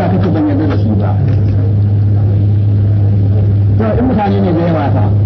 Allah kake ban yarda da su ba to in mutane ne da yawa fa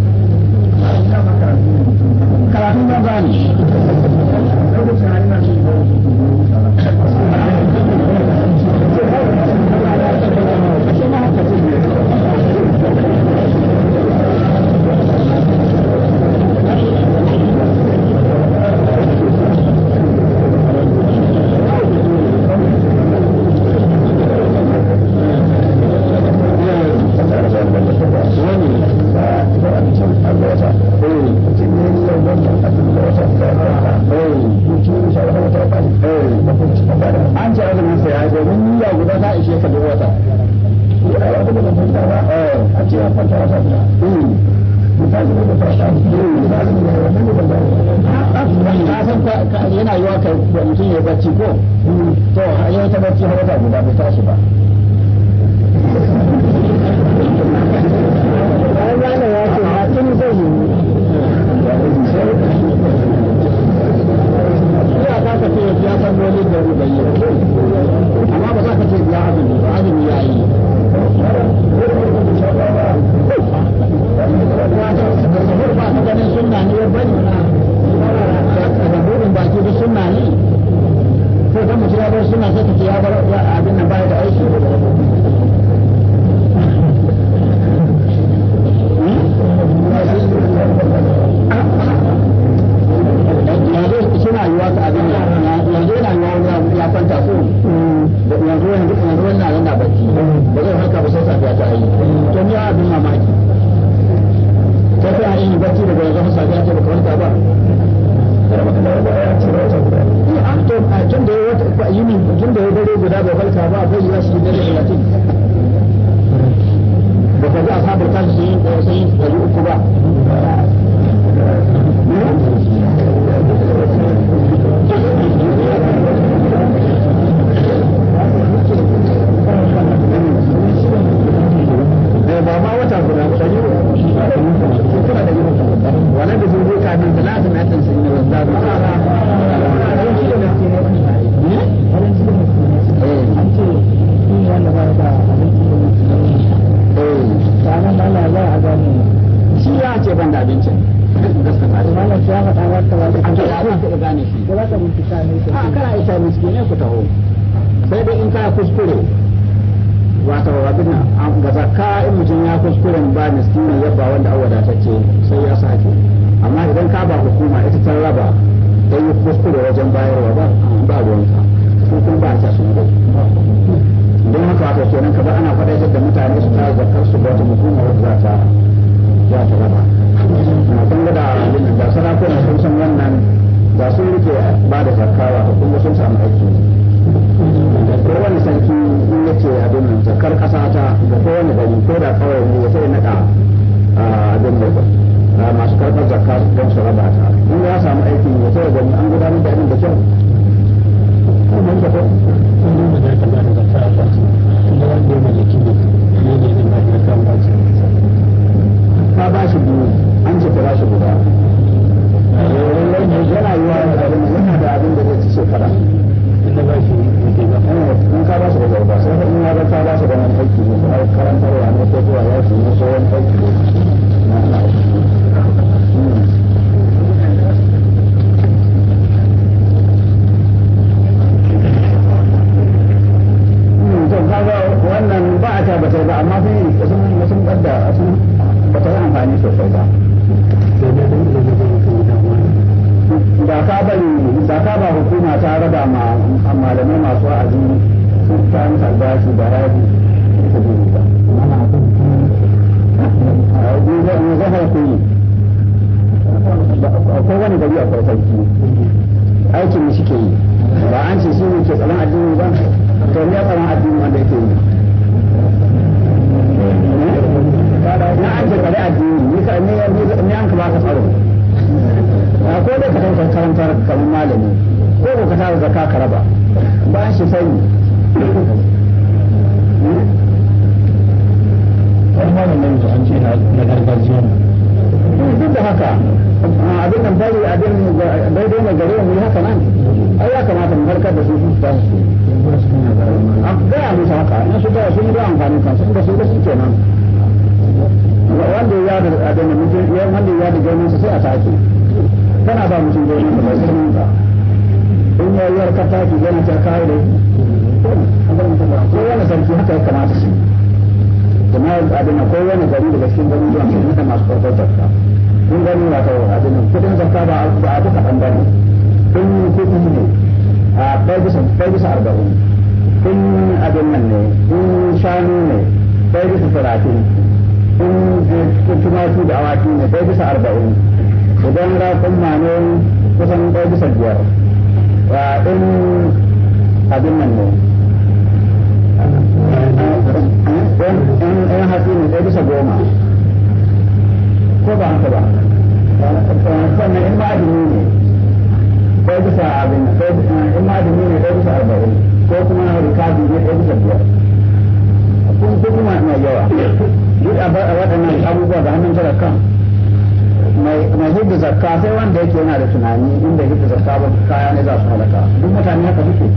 sosai ba ka bari ka ba hukuma ta raba ma malamai masu wa'azi sun ta musu albashi da rabi ta gudu ba ku yi akwai wani gari a aikin shi ke yi ba an ce shi ne ke tsaron addini ba to ne tsaron addini wanda yake yi na an ce kare addini nisa ne an ka baka tsaro ko dai ka tantar karantar kamar malami ko ko ka tara zakka ka raba ba shi sani wani malamin da an ce na gargajiya duk da haka abin nan bari abin daidai ne gare mu haka nan ai ya kamata mu barkar da su su ta su gaya musu haka in su gaya sun ga amfani kan su da su da su kenan wanda ya da abin nan mutum wanda ya da gani sai a take kana ba mutum gani da bai mun ba in ya yi harkar take yana ta kawo da ko wani sarki haka ya kamata su jama'a abin akwai wani gari daga cikin gari zuwa musulmi da masu farko zakka kun gani wata abin kudin zakka ba a duka bangare kun kudi ne a bai bisa bai bisa arba'in kun abin nan ne kun shanu ne bai bisa talatin kun tumatu da awaki ne bai bisa arba'in idan rakun mane kusan bai bisa biyar wa in abin nan ne don ɗan hatsi ne ɗaya bisa goma ko ba haka ba sannan in ma'adini ne ɗaya bisa abin in ma'adini ne ɗaya bisa arba'in ko kuma rikabi ne ɗaya bisa biyar ko kuma mai yawa duk a waɗannan abubuwa da hannun kan mai hidda zakka sai wanda yake yana da tunani inda hidda zakka ba kaya ne za su halaka duk mutane haka suke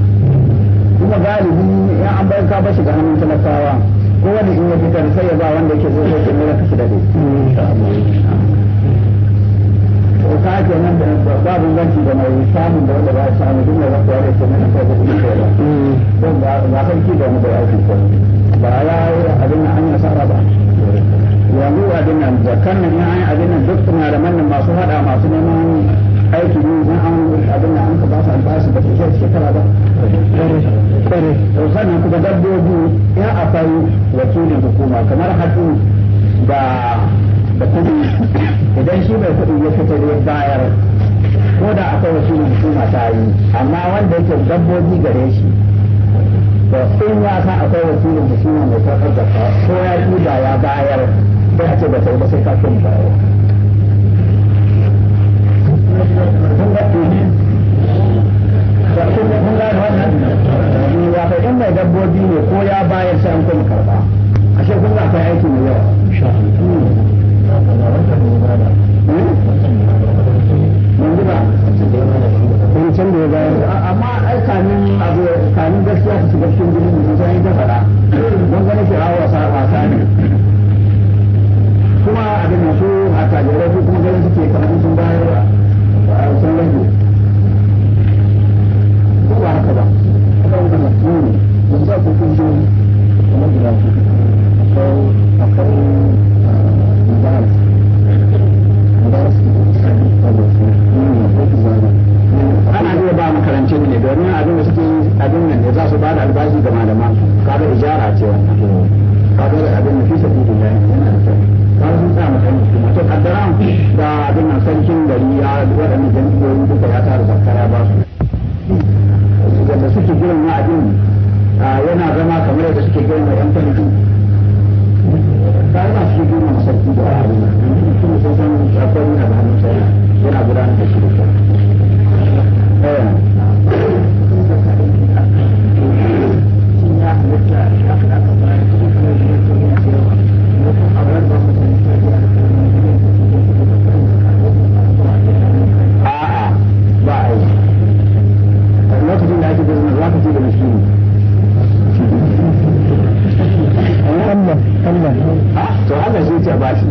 kuma galibi in an bar ka bashi ga hannun talakawa ko wanda in ya fitar sai ya ba wanda yake so sai ya kashi da ko ka ke nan da babu zanci da mai samun da wanda ba ya samu duk da ba da ke nan da kuɗi ko ba don ba kai ki da mu da aiki ko ba ya yi abin nan an ya sara ba yanzu abin nan da kan nan ya abin nan duk malaman nan masu hada masu neman aiki ne na an abin nan an ka ba su albashi ba su shekara ba kware sannan kuma dabbobi ya akwai wakilin hukuma kamar hatsi da da kuɗi idan shi mai kuɗi ya fitar ya bayar ko da akwai wakilin hukuma ta yi amma wanda yake dabbobi gare shi to in ya sa akwai wakilin hukuma mai karɓar da ko ya da ya bayar da ya ce ba ta ba sai ka kun bayar. Kun ga in mai dabbobi ne ko ya bayar sai an kuma karba ashe za akwai aiki mai yawa yanzu ba wancan da ya bayar amma ai kamin abu kamin gaskiya su shiga cikin gudun mutum sai ta fara don gani shi hawa sa wasa ne kuma a da su a tajarai su kuma gani suke kamar sun bayar sun rage ko ba haka ba hmm. yanzu akwai mubarak mubarak ne ana iya ba makarantun ne domin abin da suke abin nan ne za su ba da albashi ga malaman kaga ijara ce wannan kaga abin da da yana da kyau ba sa kuma to kaddara da abin nan sarkin gari ya waɗannan jam'iyyoyin duka ya tara zakara ba su da suke Ah, yana zama kamar da suke girma yan kwaliki kayan masu girma masarki da wa'adu na sun san shafon yana da hannun sai yana gudanar da shi to haka shi ce ba shi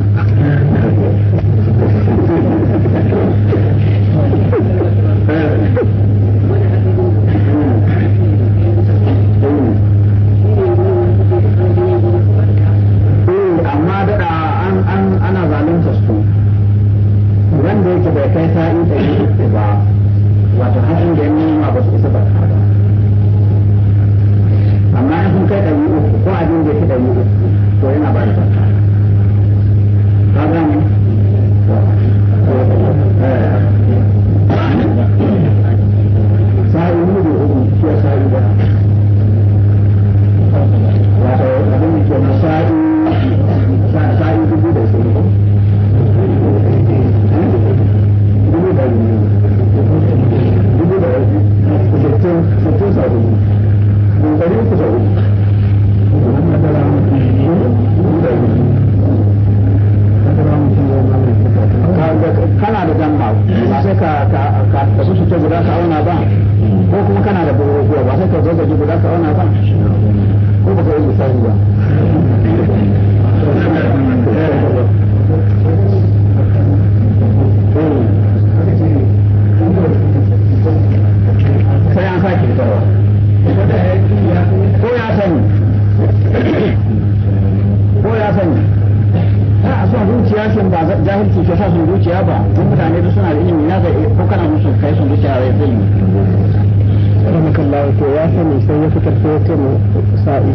kana son zuciya ba duk mutane da suna da ilimi na zai eh, ko kana son kai son zuciya ba zai yi ramaka Allah to ya sani sai ya fitar ko ya ce mu sa'i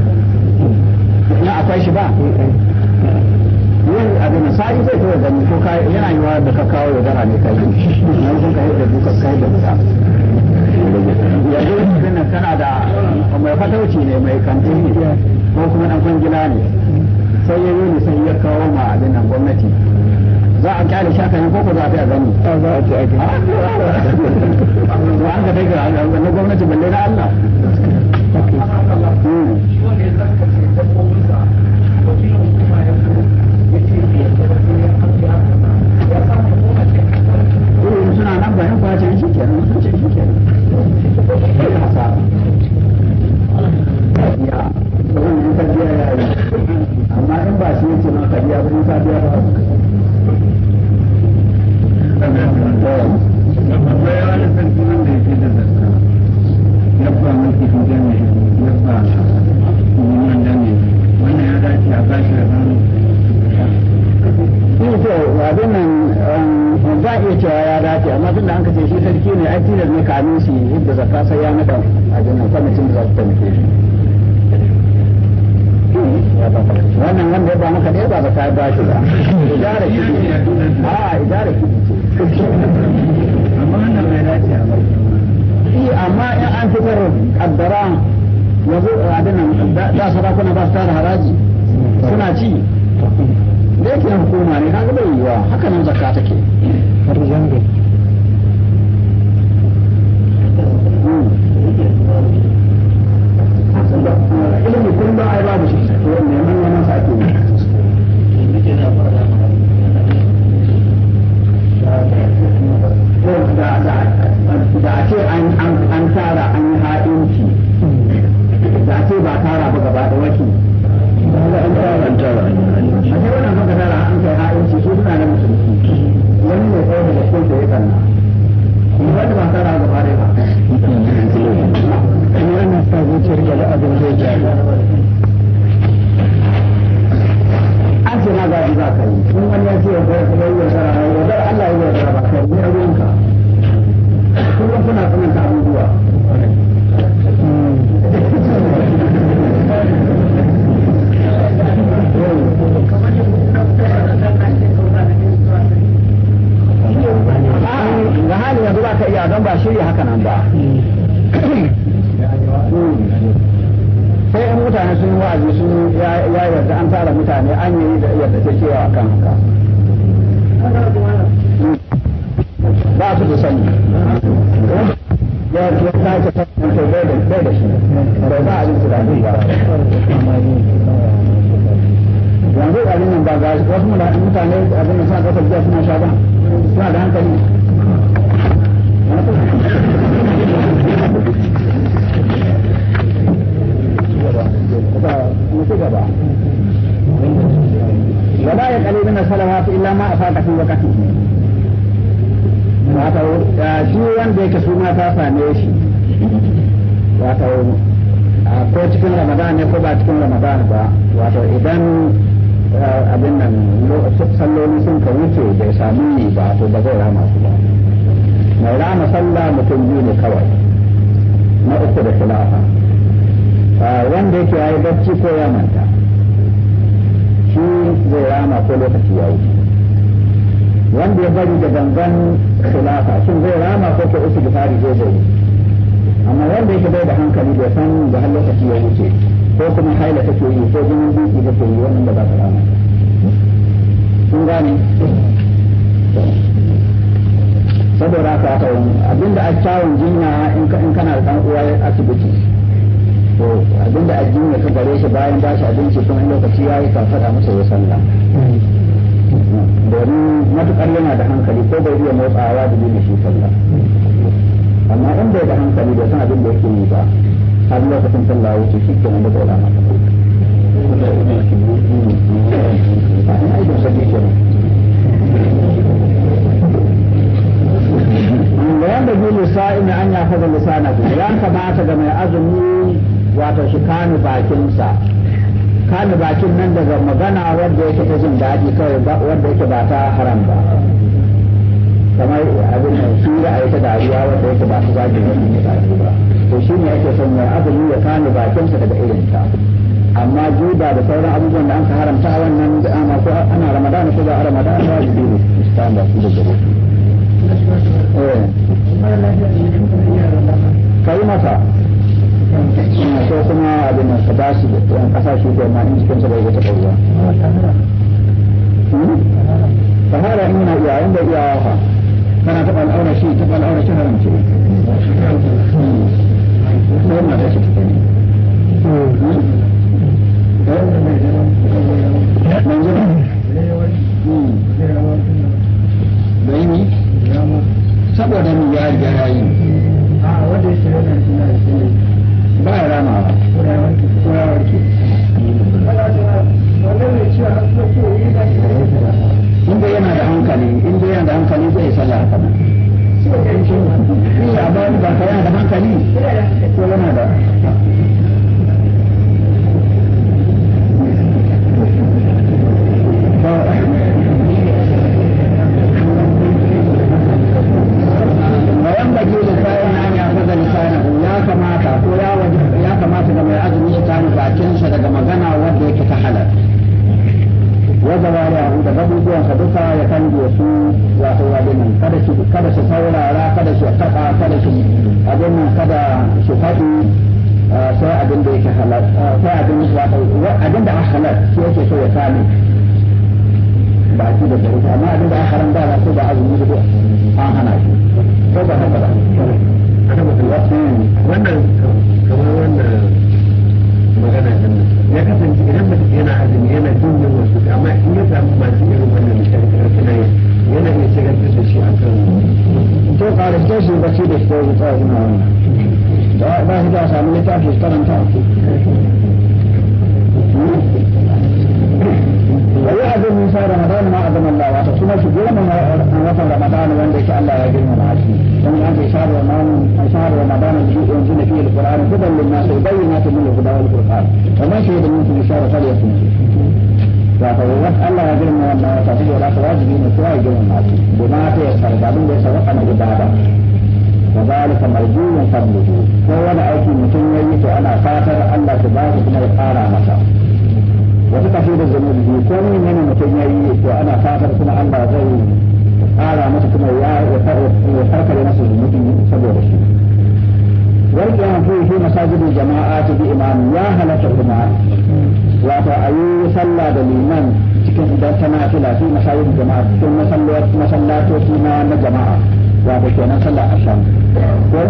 na akwai shi ba yin eh, eh. abu sa'i zai da ni ko kai yana yi wa da ka kawo ya dara ne kai na kun kai da duka kai da duka yanzu wannan tana da mai fatauci ne mai kantin ko kuma dan kwangila ne sai ya yi sai ya kawo ma abin nan gwamnati کیا رشا کو جاتا دن کیا سنانا بہن کو چاہیے کیا ہمارے باسی ماتا جی اب موقع کیا sarki ne ai tilar ne kamin su yadda zakka sai ya nada a jinin kwamitin da za su taimake shi wannan wanda ya ba maka ɗaya ba zaka ba shi ba idara kudi a idara kudi ce amma wannan bai dace a bai amma in an fitar kaddara yanzu abin nan da rakuna ba su tara haraji suna ci da yake hukuma ne na gaba yiwuwa haka nan zakka take ko ya mata shi zai rama ko lokaci ya wuce wanda ya bari da gangan khilafa shin zai rama ko ko usu gifari zai zai amma wanda yake bai da hankali bai san da har lokaci ya wuce ko kuma haila take yi ko jinin da take yi wannan da ba ta rama kun gane saboda haka abinda a kyawun jinya in kana da dan uwa asibiti abinda addini ya bare shi bayan ba shi abinci kuma lokaci ya yi kafada masa ya sallah domin matukar yana da hankali ko bai iya motsawa da dina shi sallah amma in bai da hankali bai san abin da yake yi ba har lokacin sallah wuce shi ke nan da tsola masa da للصائم أن يأخذ لسانه، وأن كما أعتقد من أزمي wato shi kanu bakinsa kanu bakin nan daga magana wanda yake ta jin daji kawai wanda yake ba ta haram ba kamar abin da shi ra'ayi ta dariya wanda yake ba ta zagi wani ne ba to shi ne yake son mai azumi ya kanu bakinsa daga irin ta amma juba da sauran abubuwan da an ka haramta wannan da ana ko ana ramadan ko ba a ramadan ba su biyu standard da gaba eh kai masa suna so kuma abin ka da shi da ma'in cikin sa bai wata kawuwa tahara hmm? in na iya iya taɓa al'aura shi taɓa al'aura shi ne shi ne saboda mu ya a wanda ya shiga da shi na shi ne ba ya rama ba ya warke inda yana da hankali inda yana da hankali zai haka nan ba ka yana da hankali ko yana da halal shi yake so ya kame baki da gari amma abin da aka ramba ba ko da azumi da an hana shi ko ba haka ba wannan kamar wannan magana din ya kasance idan mutum yana azumi yana jin yin wasu amma in ya samu masu irin wannan misali suna yi yana iya shigar da shi akan to ƙarar shi ba shi da shi ko ya tsaya ina wannan ba shi da samu littafi karanta a شاء الله يا جماعة ومن لأن في شهر رمضان شهر رمضان الذي ينزل فيه القرآن هدى للناس وبينات من الهدى والفرقان ومن شهد منكم الشهر فليصم وأقول الله يا جماعة وتعطيه ولا واجبين سوى يا جماعة العاشرين بما تيسر بعدين ليس وقنا جبابا وذلك مرجو فضله فهو أيك متن يجي أنا فاتر الله سبحانه وتعالى قارا مثلا وتكفير الذنوب كل من متن يجي وأنا فاتر ثم الله زي ƙara masa kuma ya farka da masa zunubin saboda shi wani kiyan fi fi masajidin jama'a ta bi imam ya halatta kuma wato a yi sallah da liman cikin idan tana fila fi masajidin jama'a cikin masallatoci na na jama'a wato kenan sallah asham ko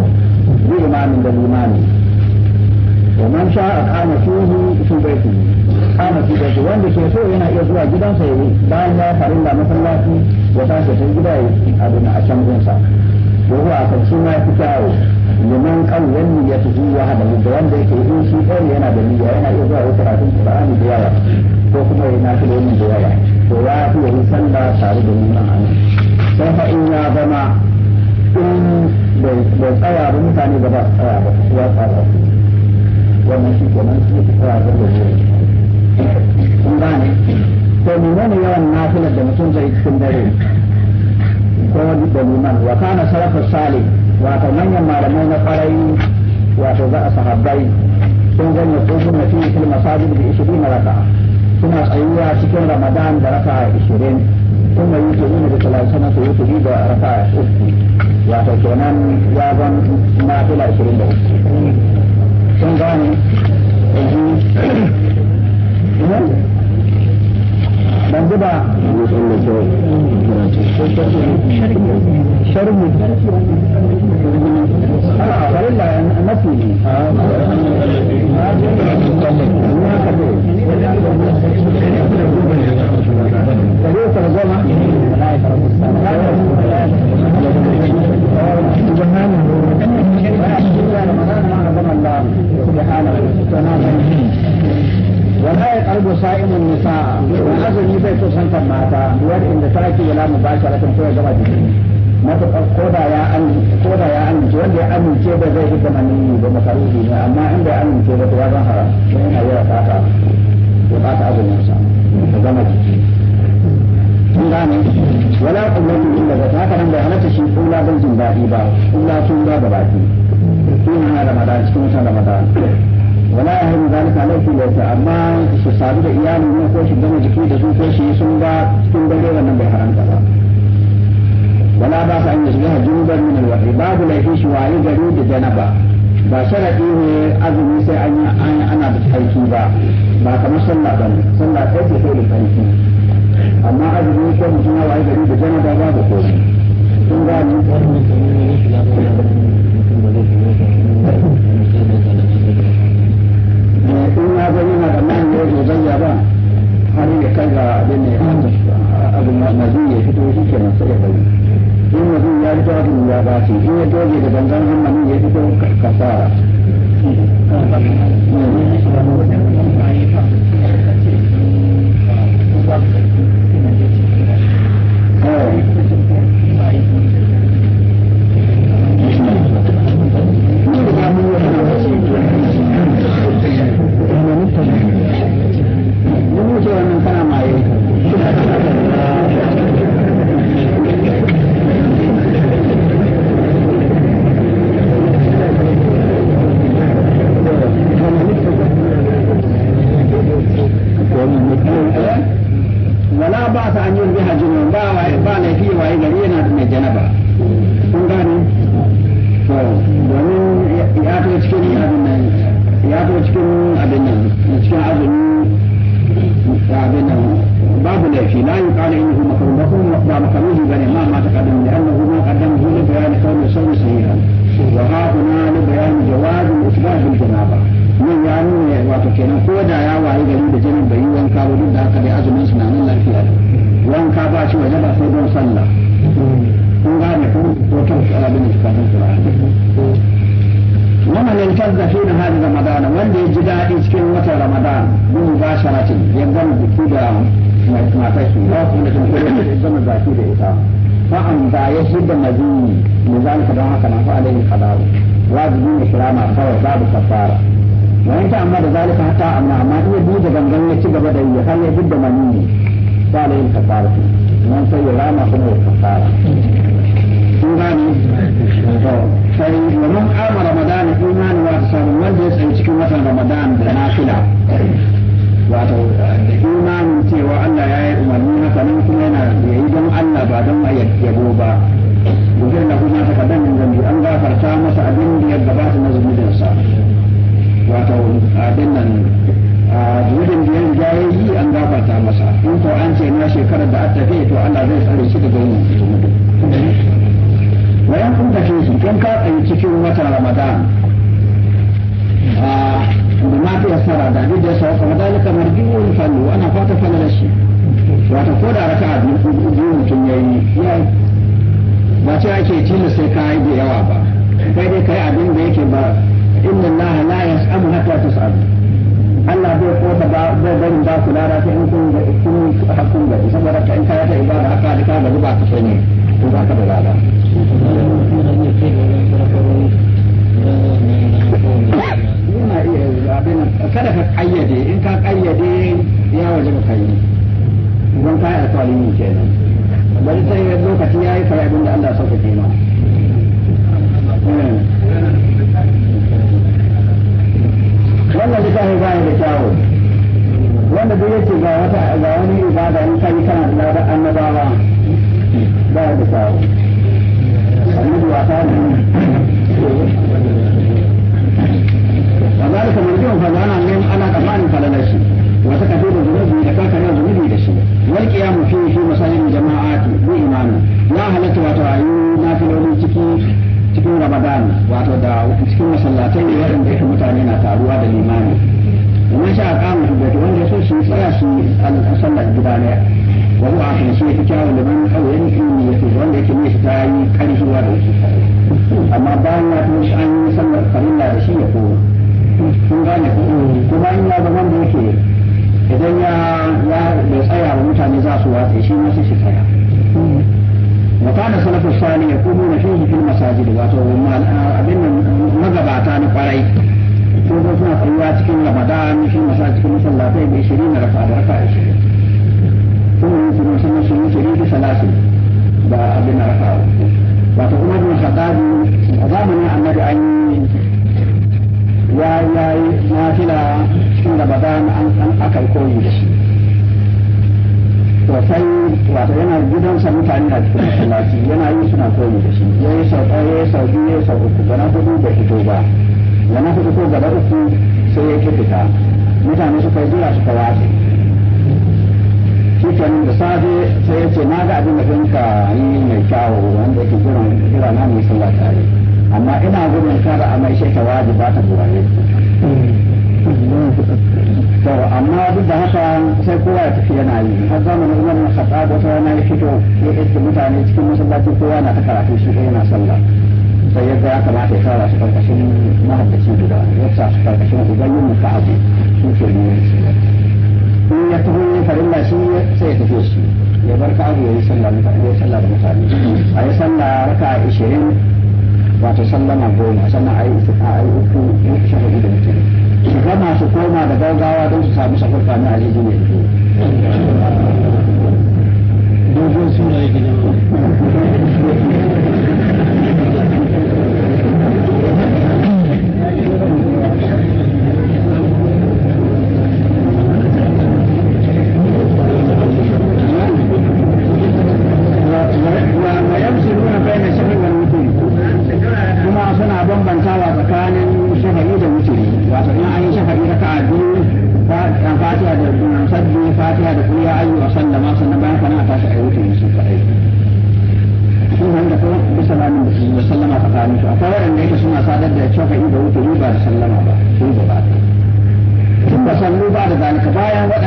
bi imamin da limani ومن شاء قام فيه في بيته قام في بيته وان بيته ينا يزوى جدا سيوي بان لا فرلا da الله ya ba sun gida ya abin a can gunsa yau a kan suna fi kyawo liman kawon ya fi zuwa hada da wanda yake yi shi kawai yana da niyya yana iya zuwa wata rafin qur'ani da yawa ko kuma yana fi da yin da yawa to ya fi yi sallah tare da nuna a nan sai fa in ya zama in da tsaya da mutane ba ba tsaya ba ya tsaya wannan shi kenan su tsaya da wuri kun to menene yawan nafilar da mutum zai cikin dare ko da liman wa kana salafu salih wato manyan malamai na kwarai wato za a sahabbai sun zanya tsofin na fiye fil masajid da ishirin na raka suna tsayuwa cikin ramadan da raka ishirin kuma yi tuni da talatin su yi tuni da raka uku wato kenan ya zan nafila ishirin da uku sun gane ban ji ba sharri a farin da mafi ne Kare tara goma? Subhanallah. Subhanallah. Subhanallah. ولا يقرب صائم النساء وأزمي بيت سنت ماتا بور إن تركي ولا مباشرة كوي زوجه matuƙar koda ya ji wanda ya amince ba zai fita maniyyi ba makaruhi ne amma inda bai amince ba ya zan haram don yana yi fata ya fata azumin sa ya zama jiki kun gane wala kullatu illa zaka haka nan bai halatta shi kula ban jin dadi ba illa sun da baki ina ramadan cikin wannan ramadan tilarta amma su sadu da iyali ne ko shi gama jiki da su ko shi sun ga sun ga wannan bai haramta ba wala ba sa an yi shiga junubar min alwahi babu laifin shi waye gari da janaba ba sharadi ne azumi sai an yi ana da tsarki ba ba kamar sallah ba sallah sai ce sai da tsarki amma azumi ko mutum ya waye gari da janaba babu komai sun ga ni in ya zai yana tsammanin ya zo zai ba har ya kai ga abin ne abin mazi ya fito shi ke nan ya bari in mazi ya fito abin ya ba shi in ya doge da gangan hannun ya fito kasa Oh. ولا باس ان ينبه جنون با وعبال في وعيد لينا من جنبا فنقاني ومن يأتي اتكين ابن يأتي اتكين ابن اتكين ابن ابن باب لا في لا يقال انه مقرب لكم وقد مقرب بني ما ما تقدم لانه ما قدمه لبيان قوم صوم سيئا وهاهنا لبيان جواز الاسباب الجنابه nan ya nuna wato kenan ko da ya waye gari da jinin bai yi wanka ba duk da haka dai azumin su na nan lafiya wanka ba shi waje ba sai don sallah kun gane ko ko ta abin da kafin qur'ani wannan ne ta da na hada ramadana wanda ya ji daɗi cikin watan ramadan bin sharatin ya gama biki da matar su ba kuma da kuma da zama zaki da ita fa'an da ya shi da mazini mu zalika don haka na fa'alai kadaru wajibi ne kirama kawai babu kafara wani ta amma da zalika hata amma amma iya buɗe gangan ya ci gaba da yi har ya mani ne ba da yin kafara nan sai ya rama kuma ya kafara Sun gane sai wa man qama ramadan imani wa tasamu wanda ya tsaye cikin watan ramadan da na nafila wato imanin cewa Allah ya yi umarni haka nan kuma yana ya yi don Allah ba don ya yabo ba gudun da kuma ta kadan zambi an gafarta masa abin da ya gabata na zunubinsa wato abin nan a gudun da yin jayayi an gabata masa in ko an ce na shekarar da aka tafi to Allah zai tsare shi daga wannan zunubi wayan kun tafi su kun ka tsaye cikin wata Ramadan a da ma fi yasara da duk da sauka wa dalika marji'un fallu ana fata falala shi Wata ko da raka'a biyu mutum yi. ba ce ake tilasta kai da yawa ba kai dai kai abin da yake ba inna Allah la yas'amu hatta tus'al Allah bai ko da bai barin ba ku lara sai in kun ga kun hakun ga saboda ka in kaya ta ibada haka da ka gaba ba ka so ne to za ka da lada yana iya abin kada ka kayyade in ka kayyade ya waje ka yi don ka yi alƙalimi kenan bari sai lokaci ya yi kawai abin da Allah sauka kenan wannan littafin ba da kyawu wanda duk yace ga wata ga wani ibada in kai kana da ladan annabawa ba da kyawu annabi wa ta kuma in ya zama da yake idan ya ya tsaya wa mutane za su watsa shi ma sai shi tsaya وقال السلف الصالح يقولون فيه في المساجد واتو abin magabata na kwarai ko ko suna tsayuwa cikin ramadan cikin masallaci cikin masallatai bai shiri na raka da raka ishirin kuma yin su sun sun yi shiri da salasi da abin raka wato kuma bin hadabi a zamanin annabi an yi ya yi nafila cikin da bada an aka koyi da shi sosai wata yana gidansa mutane na cikin masallaci yana yi suna koyi da shi ya yi sau ɗaya ya sau biyu ya sau uku na hudu bai fito ba na hudu ko gaba uku sai ya ke fita mutane suka yi zuwa suka watsa shikenan da safe sai ya ce na ga abin da ɗinka yi mai kyawu wanda ke jiran kira na mai sallah tare amma ina gudun kar a mai shekara ba ta buraye to amma duk da haka sai kowa ya tafi yana yi har na umar na kasa ta rana ya fito ya iske mutane cikin masallaci kowa na ta karatu shi ɗaya na sallah sai yadda ya kamata ya fara su karkashin mahaddaci guda ya sa su karkashin ubayin mu ka'abu su ke ne in ya tafi ya da shi sai ya tafi shi ya bar ka'abu ya yi sallah da mutane a yi sallah raka ishirin. wato sallama goma sannan a yi a yi uku in shafa da mutum shiga masu koma da gaggawa don su samu safar kanu a jiji ne dogon suna gina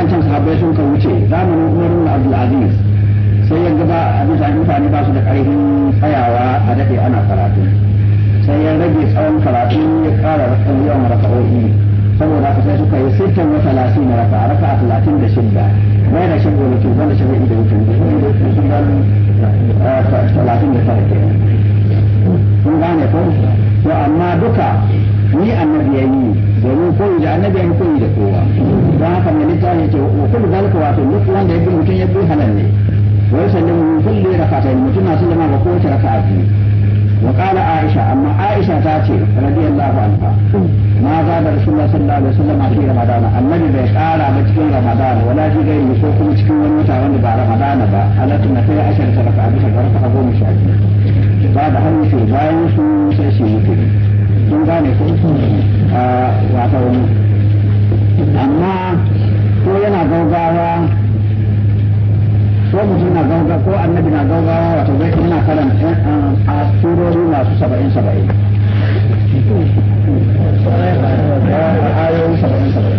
waɗancan sahabbai sun ka wuce zamanin Umar ibn Abdul Aziz sai ya gaba a bisa mutane ba su da karfin tsayawa a daɗe ana karatu sai ya rage tsawon karatu ya ƙara yawan raka'o'i saboda haka sai suka yi sittin wa na raka a raka a talatin da shida mai da mutum wanda da mutum da eh, talatin da tara ke gane ko to amma duka ni annabi ya yi domin koyi da annabi an koyi da kowa don haka mai nita ya ce wa kullu zalika wato duk wanda ya bi mutum ya bi halal ne wa yusallimu min kulli rak'atayn mutum na sallama ba kowace raka'a biyu wa qala aisha amma aisha ta ce radiyallahu anha ma za da rasulullah sallallahu alaihi wasallam a cikin ramadana annabi bai kara ba cikin ramadana wala ji yi ko kuma cikin wani mutane wanda ba ramadana ba alatu na kai ashar ta raka'a bisa ga goma sha biyu ba da hannu shi bayan su sai shi mutum sun gane ko ah, wata wani amma ko yana gaugawa ko mutum na gaugawa ko annabi na gaugawa wata zai yana karanta eh, ah, a turori masu saba'in saba'in ayoyi saba'in saba'in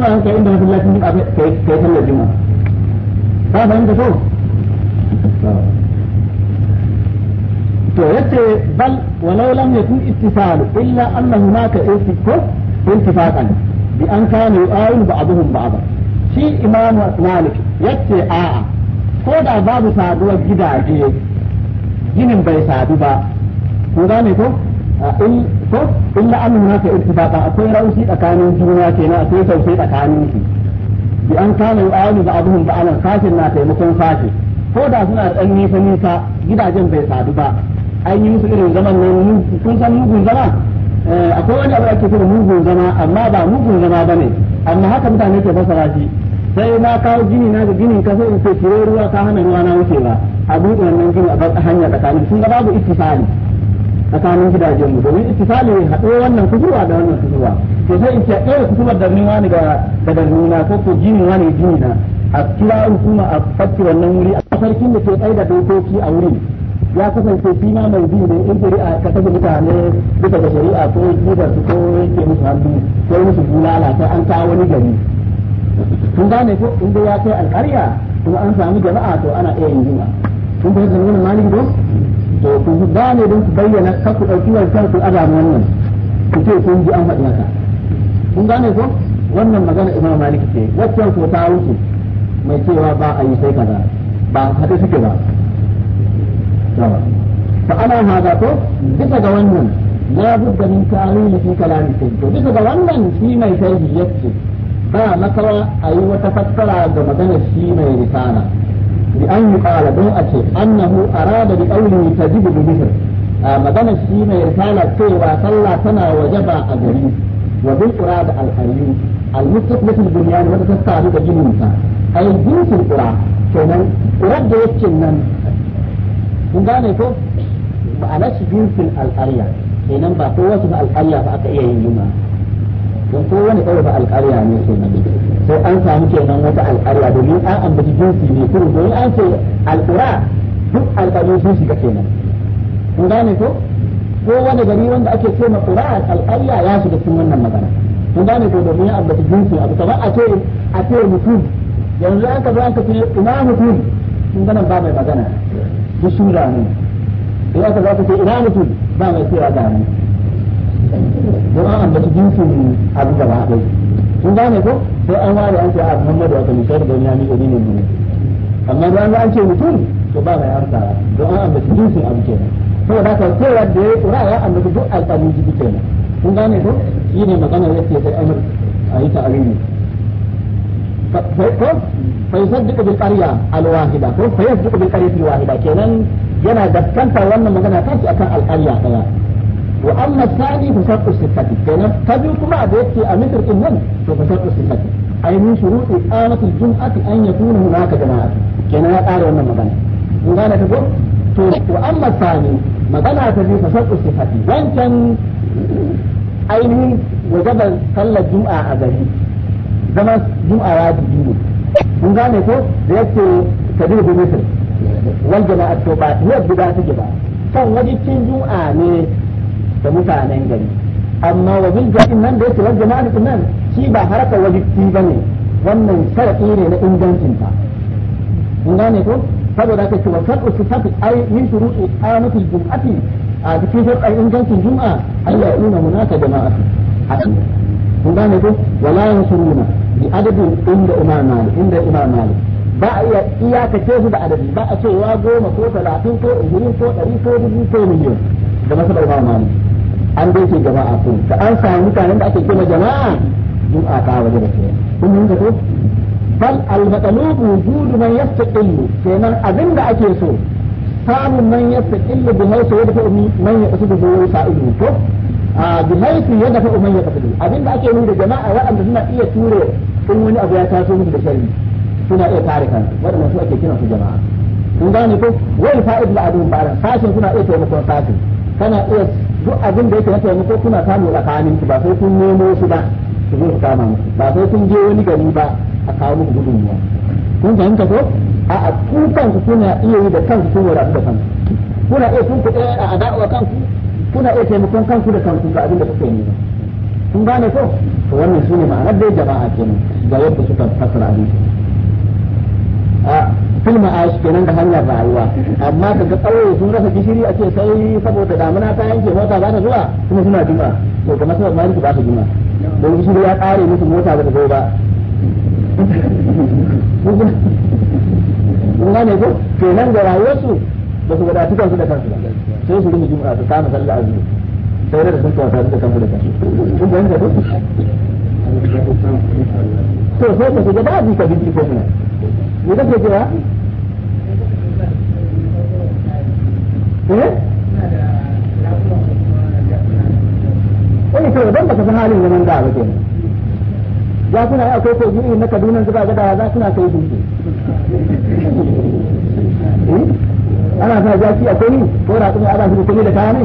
ثم انت عندنا في الله تنجم كيف نجمه؟ فهذا عندك هو بل ولو لم يكن اتصال الا ان هناك اتفاق اتفاقا بان كان يعاون بعضهم بعضا شيء امام مالك يتي اه كودا بعض صادوا جدا جيد جنن بيسادوا با كودا نيكو in ko in la annu haka ittifaqa akwai rausi tsakanin juna kenan akwai tausayi tsakanin su bi an kana yu'alu ba'dhum ba'alan sashin na taimakon sashi ko da suna da ɗan nisa nisa gidajen bai sadu ba an yi musu irin zaman nan kun san mugun zama eh, akwai wani abu ake kira mugun zama amma ba mugun zama ne amma haka mutane ke fasara shi sai na kawo gini na ga ginin ka sai in ce ruwa ka hana ruwa na wucewa a buɗe wannan gini a hanya tsakanin sun ga babu ittifali tsakanin gidajen mu domin ne haɗo wannan kusurwa da wannan kusurwa to sai in ce ɗaya eh, kusurwar da ni wani ga da nuna ko ko jini wani jini na a kira hukuma a fakki wannan wuri a sarkin da ke tsaye da dokoki a wurin ya kasance fina mai biyu ne in a kasar tafi mutane duka da shari'a ko jidar su ko yake musu hannu ko musu bulala sai an kawo wani gari kun gane ko in ya kai alƙarya kuma an samu jama'a to ana iya yin jima kun fahimta nuna maliki ko to ba ne don ku bayyana kar ku ɗauki wancan ku azamu wannan ku ce kun ji an faɗi haka kun gane ko wannan magana imam malik ce waccan ko ta wuce mai cewa ba a yi sai kaza ba haɗe suke ba fa ana hada ko bisa ga wannan la budda min ta'wili fi kalami sai to bisa ga wannan shi mai sharhi yace ba makawa a yi wata fassara ga maganar shi mai risala لأن يقال دون أتي أنه أراد بقوله تجب بمثل آه، مدن الشيمة يرسال كي وصلى سنة وجبا أجري وبالقراد الحريم المسك مثل بنيان وتستعب بجن النساء أي جنس القراء كمان قراد يتشن من من فوق يكون معلش جنس القرية كمان بقوة القرية فأكئي يوما كمان قوة القرية نسي مدينة to an samu kenan wata alƙarya domin an ambaci jinsi ne kuma domin an ce al'ura duk alƙarya sun shiga kenan kun gane ko ko wani gari wanda ake ce ma ƙura alƙarya ya shiga cikin wannan magana kun gane ko domin an ambaci jinsi abu kamar a ce a ce mutum yanzu an ka zo an ka ce ina mutum kun ganan ba mai magana duk sun gane in aka za ka ce ina mutum ba mai cewa gane don an ambaci jinsin abu gaba ɗaya kun gane ko sai an ware an ce a ah, Muhammadu a ne sai da ya ni ne ne amma da an ce mutum to ba mai amsa don an ambaci jinsin abu kenan saboda haka cewa da ya tsura ya ambaci duk alƙalin jiki kenan kun gane ko shi ne magana yake sai amur a yi ta arini ko duka bil qarya al wahida ko duka bil qaryati al wahida kenan yana gaskanta wannan magana ta ce akan al qarya daya واما الثاني فشرط صفته كان قد يقمع بيت امتر انن فشرط صفته اي من شروط اقامه الجمعه ان يكون هناك جماعه كان يقال ان مبنى ان قال تقول واما الثاني مبنى تبي فشرط صفته وان كان اي من وجب صلى الجمعه عبدي زما جمعه واجب جمعه ان قال تقول بيت كبير بمثل والجماعه تقول هي بدايه جماعه فوجدت الجمعه da mutanen gari amma wajen jami'in nan da yake wajen malikin nan shi ba haraka wajen wajibi ba ne wannan sharaɗi ne na ingancinta kun gane ko saboda ka ce wa shar'u sifati ai min shuru'i qamatil jum'ati a cikin shar'ai ingancin jum'a Allah ya nuna munaka jama'a hakan kun gane ko wala yansuruna bi adadin inda imam malik inda imam malik ba a iya iyakace su da adadi ba a cewa goma ko talatin ko ishirin ko ɗari ko dubu ko miliyan da masalar imam malik an doke jama'a sun ta an samu mutanen da ake kira jama'a jum'a ta waje da ke kun yi ko bal al matalubu wujudu man yastaqillu kenan abin da ake so samun man yastaqillu bi haythu yadfa man yasudu bi sa'idu ko a bi haythu yadfa man yaqsidu abin da ake nuni da jama'a waɗanda suna iya ture kun wani abu ya taso musu da sharri suna iya kare kansu waɗanda su ake kira su jama'a kun gane ko wai fa'id la'adun ba'ala sashin suna iya taimakon sashin kana iya duk abin da yake na ko kuna samu tsakanin ba sai kun nemo su ba su zo su kama mu ba sai kun je wani gari ba a kawo muku gudunmuwa kun hinka ko a a ku kanku kuna iya yi da kanku kun wadatu da kanku kuna iya kun kuɗe a ada'uwa kanku kuna iya taimakon kanku da kanku ga abin da kuke nema kun gane ko to wannan shine ma'anar da jama'a kenan ga yadda suka fasara abin a fil ma'ash kenan da hanyar rayuwa amma kaga tsawo sun rasa gishiri a ce sai saboda damuna ta yanke mota za ta zuwa kuma suna juma to kamar sai yanke ba ta jima don gishiri ya kare musu mota ba ta zo ba kun gane ko kenan da su ba su wadatu kansu da kansu sai su rufe jima su kama sallar azumi sai da sun kawo kawata da kansu da kansu kun gane ko to sai ka shiga babu ka binciko mu me kake cewa eh wani kai ban baka san halin zaman da ba kenan ya kuna ya akwai kogi na Kaduna zuba ga da za suna kai dutse eh? ana sa jaki akwai ko raƙumi ana shi da kai da kaya ne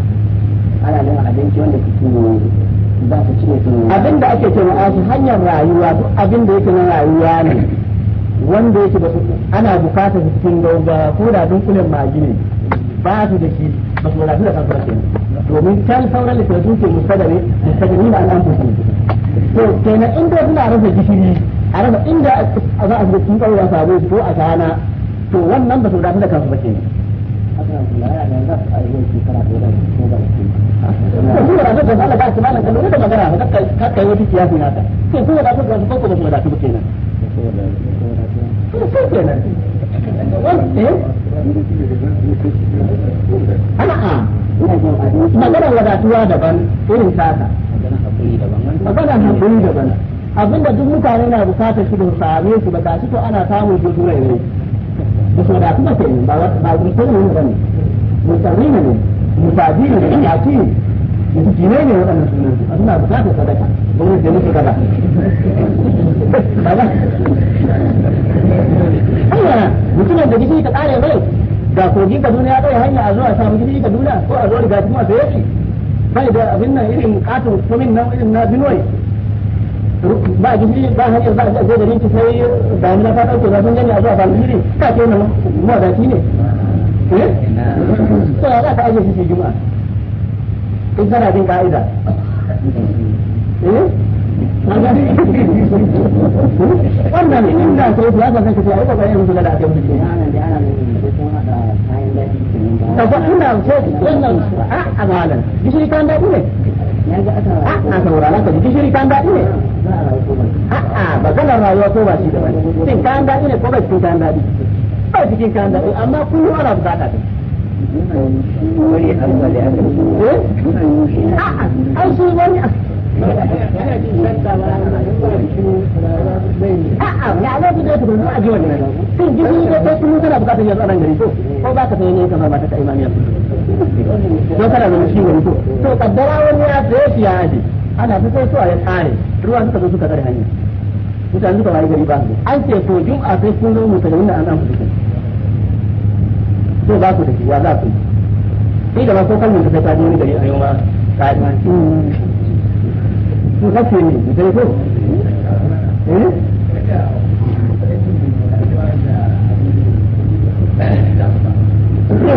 ana neman abinci wanda suke za su cire su abin da ake ce ma'ashi hanyar rayuwa duk abin da yake na rayuwa ne wanda yake da ana bukatar cikin gauga ko da dunkulen magi ne ba su da shi ba su wadatu da kansu ke domin can sauran littattafai ke ne a na an to kenan inda suna rasa gishiri a rasa inda za a cikin kauga sabo ko a kana to wannan ba su wadatu da kansu ba kenan maganar wadatuwa daban irin sata maganar hankali daban abinda duk mutane na bukatar shi da same su ba ga shi to ana samun jujura ne بصلاحية باوكيلين مسوين مساعدين مساعدين miskinai ne waɗannan sunan su suna bukatar sadaka gwamnati da muke kaza kaza hanya mutumin da gidi ta ƙare mai ga kogi kaduna ya ɗaya hanya a zuwa samu gidi kaduna ko a zo riga kuma da yake bai da abin nan irin katon kumin nan irin na binuwai ba gindi ba hanyar ba a gogarin ki sai damina ta ɗauke ba sun gani a zuwa balmiri ka ce nan mawadaci ne eh? to ya za ka aje shi juma'a in kana bin ka'ida eh? wannan in da sai ya san kace ai kokarin musu da ake musu ta ba ina so wannan a'a malam gishiri kan da ne a saurara ka jiki shiri kan daɗi ne a'a ba ganar rayuwa ko ba shi da wani shin kan daɗi ne ko ba cikin kan daɗi ba cikin kan daɗi amma kullum ana bukata ne eh? a'a an shi wani a'a ya za ku a ji a nan gari ko ko ba ka sai ne kamar ba ta kai imamiya ko kana da shi wani ko to kaddara wani ya sai shi ana ta sai suwa ya tsare ruwa suka zo suka tsare hanya mutane suka wani gari ba su an ce to jum'a sai kun zo musulmi na an an fito to ba ku da shi ya za ku ni da ma ko kan mun ta ta wani gari a yau ma ta to kace ne sai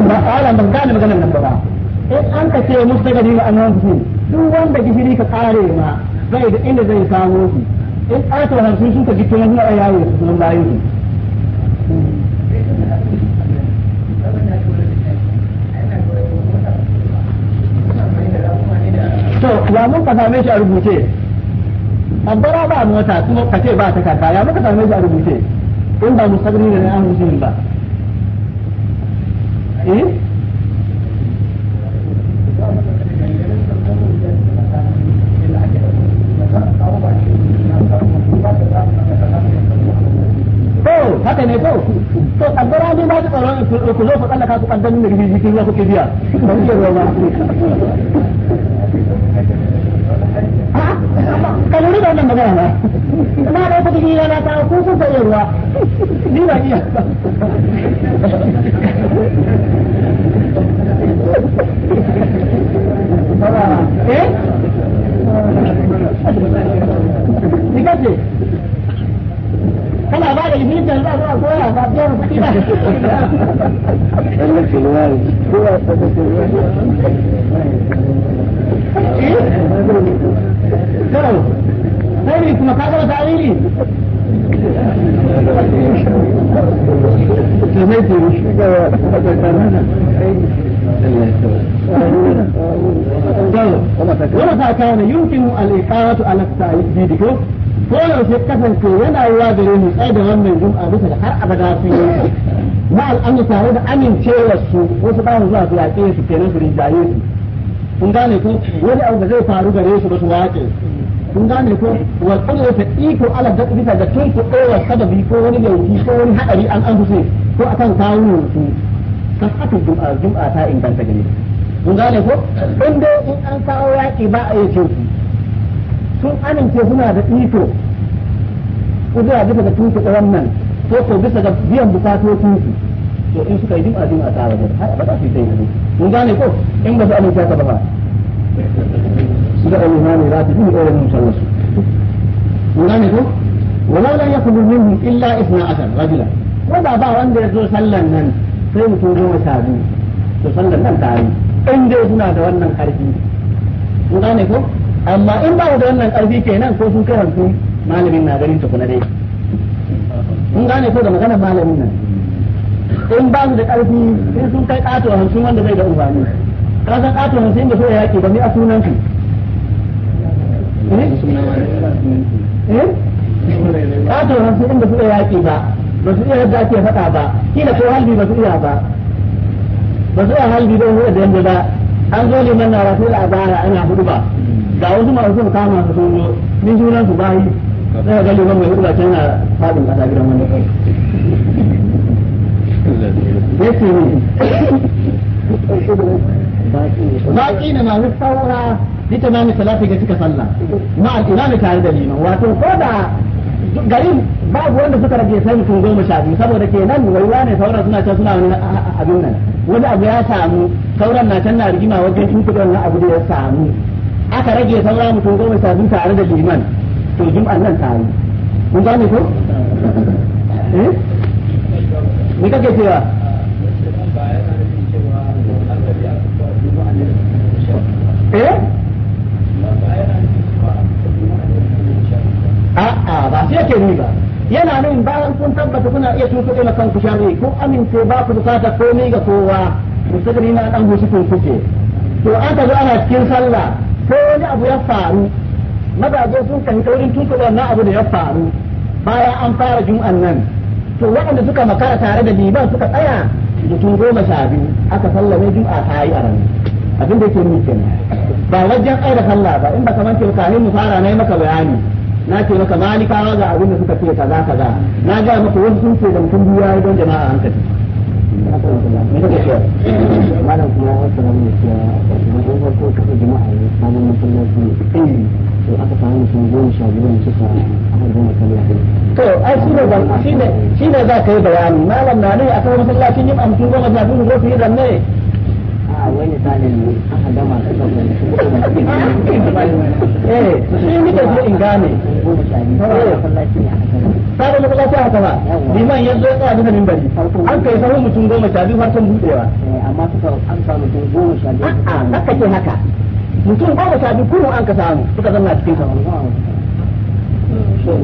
ba ban gane maganar nan ba in an ka ce musu daga dima an hanku duk wanda gishiri ka kare ma zai da inda zai samu su in ƙato hansu sun ka jikin a yawo su sun bayan su to ya mun ka same shi a rubuce abbara ba mota kuma ka ce ba ta kaka ya muka same shi a rubuce in ba mu musabri ne an musulmi ba eh haka ne ko to a gara ne ba su tsaro ku zo ku tsallaka ku kaddamin da ribi jikin ya kuke biya ban ce ba ka lura da wannan magana ba na da kuɗi ni na ta ku ku ga ruwa ni ba iya eh ni kace في الوالد هو في الوالد خيرك مقابلة تعليلي سميت المشركة ورفع كان يمكن الإحاطة على التأييد ko yaushe kasance yana ruwa gare ni tsaye da wannan jum'a bisa da har abada sun yi ma al'amni tare da amincewar su wasu ba su zuwa su yaƙe su kenan su rinjaye su kun gane ko wani abu da zai faru gare su ba su waƙe kun gane ko wal qudra ta iko ala da bisa da tun ku ɗora sababi ko wani laifi ko wani haɗari an an huse ko akan kawo su kan haka jum'a jum'a ta inganta gare kun gane ko in dai in an kawo yaƙi ba a yi su sun amince suna da iko kudura bisa ga tuki wannan ko ko bisa ga biyan bukatotin su to in suka yi jim'a jim'a ta wajen ba za su yi hannu mun gane ko in ba su amince ka ba ba su da hannu za su bi mun wani wasu mun gane ko wala la yakulu minhum illa isna asar rajula wanda ba wanda ya zo sallan nan sai mutum goma sha biyu to sallan nan tare in dai suna da wannan karfi mun gane ko amma in ba da wannan karfi kenan ko sun karantu malamin na ganin kuna dai mun gane ko da maganar malamin nan in ba su da karfi sai sun kai kato hamsin wanda bai da umarni ka san kato hamsin da so ya yaƙi ba mai a sunan eh? Eh? su kato hamsin inda ya yaƙi ba ba su iya yadda ake faɗa ba kila ko halbi ba su iya ba ba su iya halbi don huɗa da yadda ba an zo liman na rasu da a ana hudu ba ga wasu masu son kama su sun zo ni sunan su bayi sai ga liman mai hudu yana fadin kasa gidan wani kai yace ne baki ne masu saura ni ta nami salati ga cika sallah ma ina ne tare da liman wato ko da garin babu wanda suka rage sai mutum goma sha biyu saboda kenan waiwa ne sauran suna can suna wani abin nan wani abu ya samu sauran na can na rigima wajen in na abu da ya samu aka rage saura mutum goma sha biyu tare da liman to jum'an nan ta yi kun gane ko eh ni kake cewa eh a'a ba sai yake ni ba yana nan bayan kun tabbata kuna iya tuto ina kan ku sharri ko amince ba ku bukata komai ga kowa musulmi na dan hushi kun kuke to aka zo ana cikin sallah ko wani abu ya faru mazaje sun kan kaurin tuka wannan abu da ya faru bayan an fara jum'an nan to waɗanda suka makara tare da liban suka tsaya mutum goma sha biyu aka sallame jum'a ta yi a ran abin da ke nufi kenan ba wajen aida sallah ba in ba kamar ke kafin mu fara na yi maka bayani na ce maka malikawa ga abin da suka ce kaza kaza na ga maka wasu sun ce da mutum biyu ya don jama'a hankali malam kuma wasu ramin cewa shugaban farko kafa jama'a ne sabon masallaci to aka samu mutum goma sha biyu ne suka aka gama masallaci to ai shi ne shi ne za ka yi bayani malam na ne a kan masallacin yin amfani goma sha biyu ne ko fiye da ne eh shi nake in gane sabon masallaci haka ba liman ya zo ya tsaya min bari. an kai sahun mutum goma sha biyu har budewa amma suka an sa mutum goma sha biyu haka ce haka mutum goma sha biyu kurun an ka samu suka zanna cikin sahun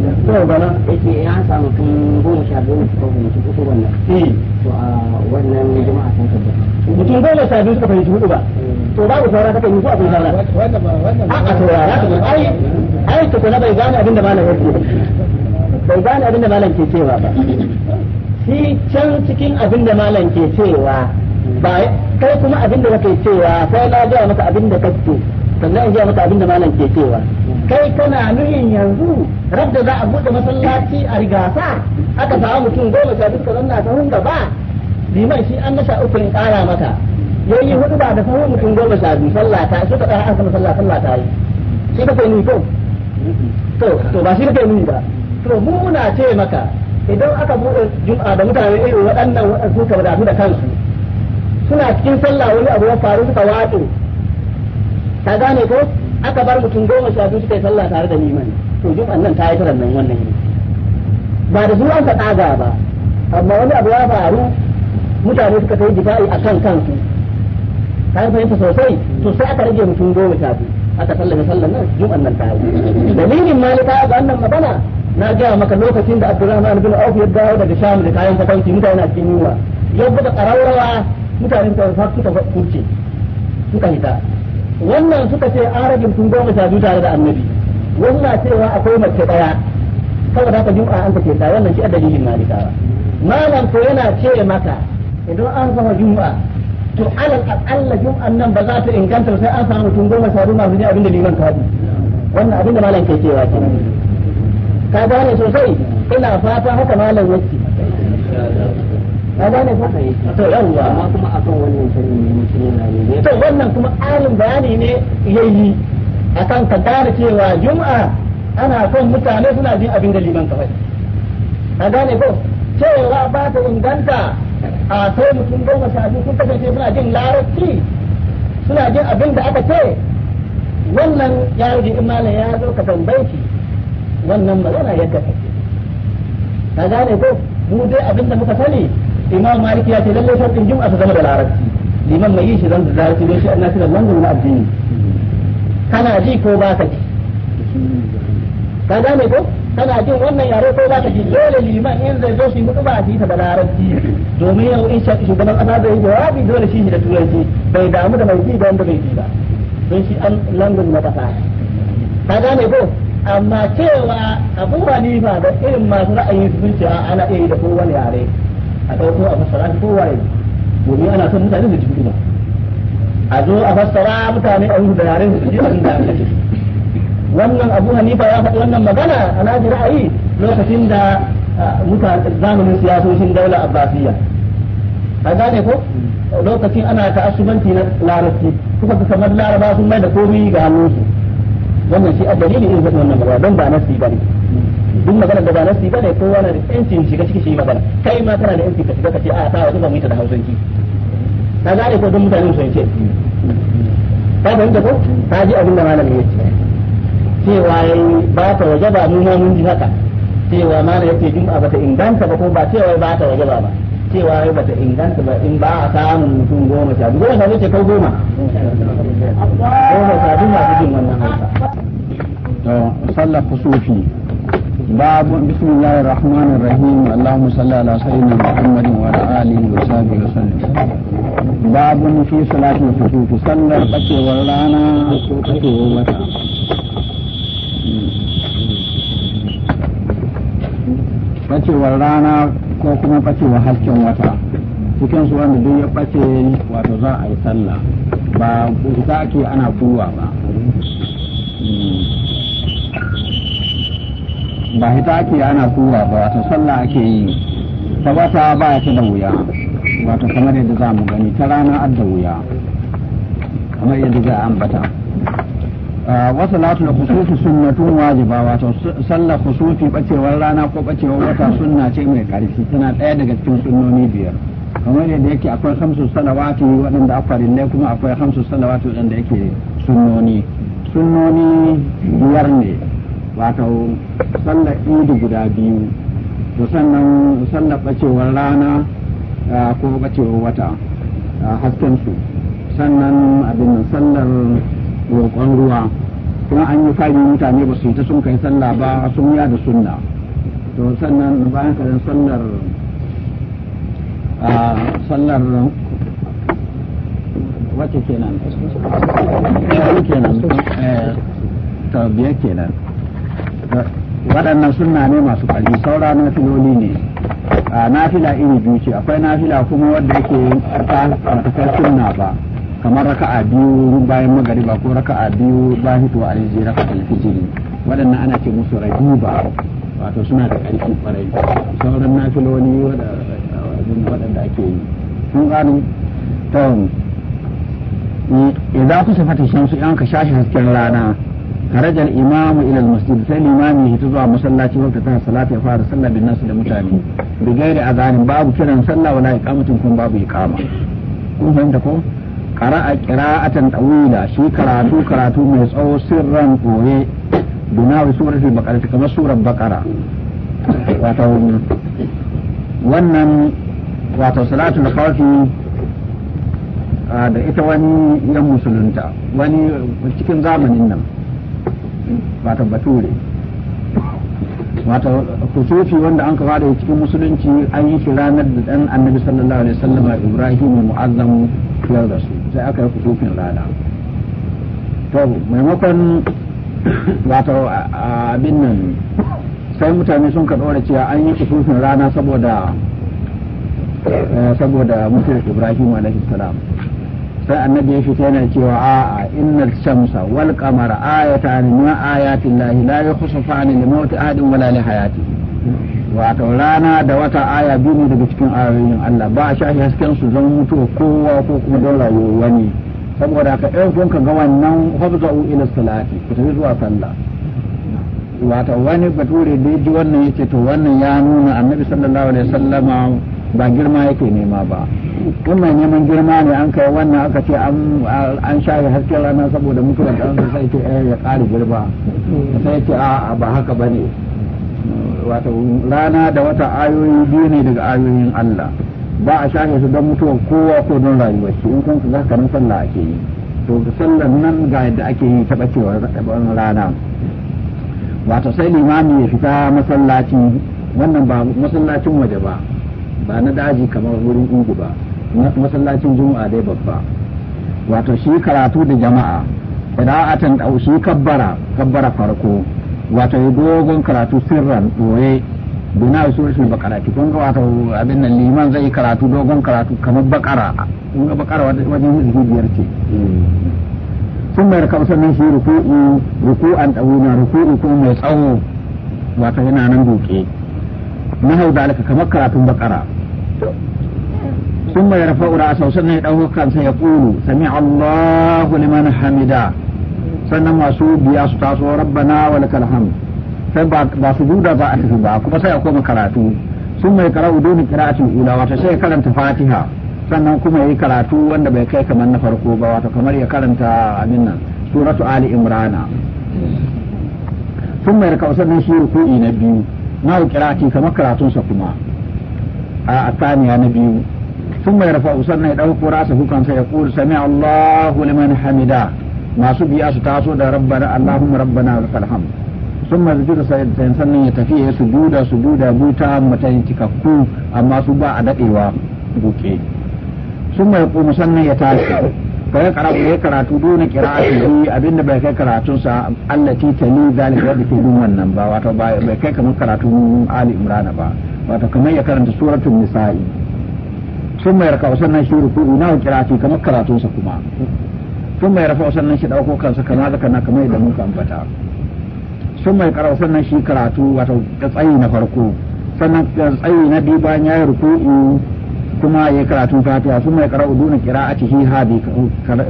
to bana yace ya samu kun goma sha biyu suka fahimci kusa wannan eh. to a wannan jama'a sun tabbata mutum goma sha biyu suka fahimci hudu ba eh. to babu saura kaka yi ko abin saura a saurara ta ai ai to na bai gane abin da malam yake bai gane abin da malam ke cewa ba shi can cikin abin da malam ke cewa ba kai kuma abin da kake cewa sai na ga maka abin da kake sannan in ga maka abin da malam ke cewa kai kana nuhin yanzu rabda za a buɗe masallaci a rigasa aka samu mutum goma sha duka zanna sahun gaba liman shi an nasha uku in ƙara mata yayi hudu ba da sahun mutum goma sha biyu sallah ta shi ka ɗaya aka masallah sallah ta yi shi ka kai ko to to ba shi ka kai ba to mu muna ce maka idan aka buɗe juma'a da mutane irin waɗannan waɗansu ka wadatu da kansu suna cikin sallah wani abu ya faru suka waɗo ka gane ko aka bar mutum goma sha biyu suka yi sallah tare da liman to jum'an nan ta yi taran nan wannan yi ba da zuwan ka tsaga ba amma wani abu ya faru mutane suka kai jifa'i a kan kansu ta fahimta sosai to sai aka rage mutum goma sha biyu aka sallame sallan nan jum'an nan ta yi dalilin malika ga wannan magana na gaya maka lokacin da Abdulrahman bin Auf ya dawo daga Sham da kayan fatauci mutane na cikin yunwa ya buga ƙararrawa mutane suka kurce suka hita wannan suka ce an rage mutum goma sha biyu tare da annabi wannan cewa akwai mace daya saboda ka jima an ke ta wannan shi dalilin malikawa malam ko yana ce maka idan an gama jima to alal aqalla juma'an nan ba za ta inganta sai an samu mutum goma sha biyu masu ne abinda liman ka faɗi wannan abinda malam ke cewa ke ka gane sosai ina fata haka malam yake ka gane ko to yawwa amma kuma akan wannan sharri ne mutum yana ne to wannan kuma alin bayani ne yayi akan ka gane cewa juma'a ana son mutane suna jin abin da liman kawai ka gane ko cewa ba ta inganta a sai mutum goma sha biyu sun kasance suna jin larabci suna jin abin da aka ce wannan ya rage imanin ya zo ka tambaye shi wannan magana ya kasance ka gane ko mu dai abin da muka sani imam Maliki ya ce lallai shafin jum'a su zama da larabci liman mai yi shi zan da larabci don shi an nasi da langon na addini kana ji ko ba ka ji ka gane ko kana jin wannan yare ko ba ka ji dole liman in zai zo shi hudu ba a ji ta da larabci domin yau in shafi shugaban kasa zai yi jawabi dole shi shi da turanci bai damu da mai ji da wanda bai ji ba don shi an langon na kasa ka gane ko amma cewa abu hanifa da irin masu ra'ayin sun ce ana iya yi da kowane yare a ɗauko a fassara ko waye domin ana son mutane su ji ba a zo a fassara mutane a wuce da yaren su ji abin da aka wannan abu hanifa ya faɗi wannan magana a naji ra'ayi lokacin da mutane zamanin siyasoshin daula abbasiyya a gane ko lokacin ana ta'assubanci na larabci kuka ga kamar laraba sun mai da komi ga hannunsu wannan shi a dalili irin wannan magana don ba nasi ne. duk magana da ba nasi ba ne kowa na da yancin shiga cikin shi magana kai ma kana da yanci ka shiga ka ce a ta wasu ba mu yi ta da hausanci ka gane ko don mutanen su ce ka fahimta ko ka ji abin da malamin ya ce cewa yayi ba ta waje ba mu ma mun ji haka cewa mana yake jum'a bata inganta ba ko ba cewa ba ta waje ba ba cewa ba ta inganta ba in ba a samun mutum goma sha biyu goma sha ce kai goma goma sha biyu masu jin wannan hausa sallar kusufi باب بسم الله الرحمن الرحيم اللهم صل على سيدنا محمد وعلى اله وصحبه وسلم باب في صلاة الخسوف صلى بكي ورانا بكي ومتى كوكما بكي ko kuma bacewar hasken wata cikin su wanda duk ya bace wato za a yi sallah ba ita ake ana kuwa ba ba hita ake ana tura ba wato sallah ake yi ta wata ba ta da wuya wato kamar yadda za mu gani ta rana ad da wuya kamar yadda za a ambata wasu latul khusufi sunnatun wajiba wato sallar kusurfi bacewar rana ko bacewar wata sunna ce mai karfi tana ɗaya daga cikin sunnoni biyar kamar yadda yake akwai hamsu salawati waɗanda ne kuma akwai hamsu sana'wati waɗanda yake sunnoni sunnoni biyar ne wato sallar idi guda biyu to sannan sallar bacewar rana ko bacewar wata hasken su sannan abin sallar roƙon ruwa kuma an yi fari mutane ba su yi ta sun kai sallah ba sun ya da sunna to sannan bayan karin sallar sallar wacce kenan kenan eh, ta biyar kenan waɗannan sunna ne masu ƙarfi saura na filoli ne a nafila iri biyu ce akwai nafila kuma wadda yake ta matakar sunna ba kamar raka'a biyu bayan magariba ko raka'a biyu bayan hito a rijiyar raka alfijiri waɗannan ana ce musu rahiba wato suna da ƙarfi ƙwarai sauran nafiloli waɗanda ake yi sun gano ta wani idan ku fata shamsu yan ka shashi hasken rana خرج الإمام إلى المسجد فالإمام يهتزع مصلى وقتها الصلاة فار صلى بالناس لمتاني بغير أذان باب كلا kiran ولا إقامة كن باب إقامة kun fahimta ko qara'a qira'atan tawila shi karatu karatu mai tsawo sirran koye dunawi suratul baqara kamar surar baqara wato wannan wato salatul khawfi da ita wani yan musulunta wani cikin zamanin nan wato bature wato kusurfi wanda an kawo da cikin musulunci an yi shi ranar da ɗan annabi sallallahu alaihi wasallam ibrahim mu'azzam fiyar da su sai aka yi kusurfin rana to maimakon wato abin nan sai mutane sun ka da cewa an yi kusurfin rana saboda eh, saboda mutum ibrahim alaihi salam sai annabi ya fita yana cewa a'a innal shamsa wal qamara ayatan min ayatin lahi la yakhsufani li mawti ahadin wala li hayati wato rana da wata aya biyu daga cikin ayoyin Allah ba a shafi hasken su zan mutu kowa ko kuma don rayuwa wani saboda ka ɗan kun ka ga wannan hafza'u ila salati ku tafi zuwa sallah wato wani bature da ya ji wannan yace to wannan ya nuna annabi sallallahu alaihi wasallama ba girma yake nema ba in mai neman girma ne an kai wannan aka ce an shaye hasken rana saboda mutuwar wanda sai ce eh, ya ƙari girma sai ce a ba haka ba ne wata rana da wata ayoyi biyu ne daga ayoyin Allah ba a shaye su don mutuwar kowa ko don rayuwar shi in kun za ka nan sallah ake yi to sallan nan ga yadda ake yi ta bacewar rana wato sai limami ya fita masallaci wannan ba masallacin waje ba ba na daji kamar wurin ingu ba masallacin juma'a dai babba wato shi karatu da jama'a qira'atan da shi kabbara kabbara farko wato ya dogon karatu sirran doye bina shi ba ki kun ga wato abin nan liman zai karatu dogon karatu kamar bakara kun ga bakara wajen biyar ce sun mai rakabu sannan shi ruku'u ruku'an dawuna ruku'u ko mai tsawo wato yana nan duke nahau da alaka kamar karatun bakara sun mai rafa ura a sausar ne ɗauko kansa ya ƙuru sami allahu liman hamida sannan masu biya su taso rabbana wa lakal ham sai ba su buda za a tafi ba kuma sai a koma karatu sun mai karau duni kiratin hula wata sai karanta fatiha sannan kuma yi karatu wanda bai kai kamar na farko ba wata kamar ya karanta amin nan suratu ali imrana sun mai rafa sannan shi ruku'i na biyu kiraki kama karatun sa kuma a asaniya na biyu sun mai rafa usan nai ɗauko rasa hukansa ya kuri sami Allahu liman hamida masu biya su taso da rabbana Allahumma rabbana wa salham sun mai zikir sannan ya tafi ya su buda buta mutane cikakku amma su ba a daɗewa buke sun mai kuma sannan ya tashi karatu ya karatu dole kira a qira'atihi abinda bai kai karatun sa allati tani zalika wadda ke dun wannan ba wato bai kai kamar karatun Ali Imran ba wato kamar ya karanta suratul nisa'i sun mai raka sannan shi ruku'u na qira'ati kamar karatun sa kuma sun mai rafa sannan shi dauko kansa kamar zaka na kamar idan mun kambata sun mai karawa sannan shi karatu wato tsayi na farko sannan tsayi na biyu bayan ya yi ruku'u kuma ya karatu fatiha sun mai karatu duna cikin hadi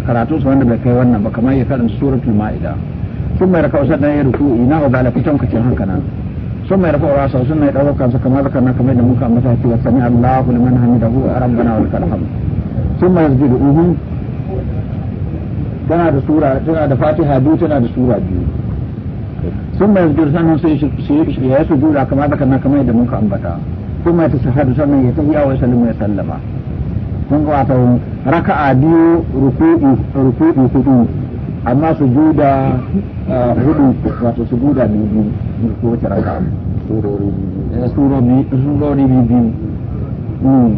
karatu su wanda bai kai wannan ba kamar ya karanta suratul ma'ida sun mai rakau sannan ya ina na ubala fitan kacin haka nan sun mai rakau rasa sun mai daukar kansa kamar haka na kamar da muka masa cewa sami Allahu liman hamidahu rabbana wa lakal hamd sun mai zubi uhu tana da sura tana da fatiha biyu tana da sura biyu sun mai yasjudu sannan sai ya sujuda kamar haka nan kamar da muka ambata kuma ta shahadu sannan ya tafiya wa sallama ya sallama kun ga raka a biyu ruku'i ruku'i hudu amma su juda ah, hudu wato su juda biyu biyu ko wace raka surori biyu eh, surori surori biyu hmm.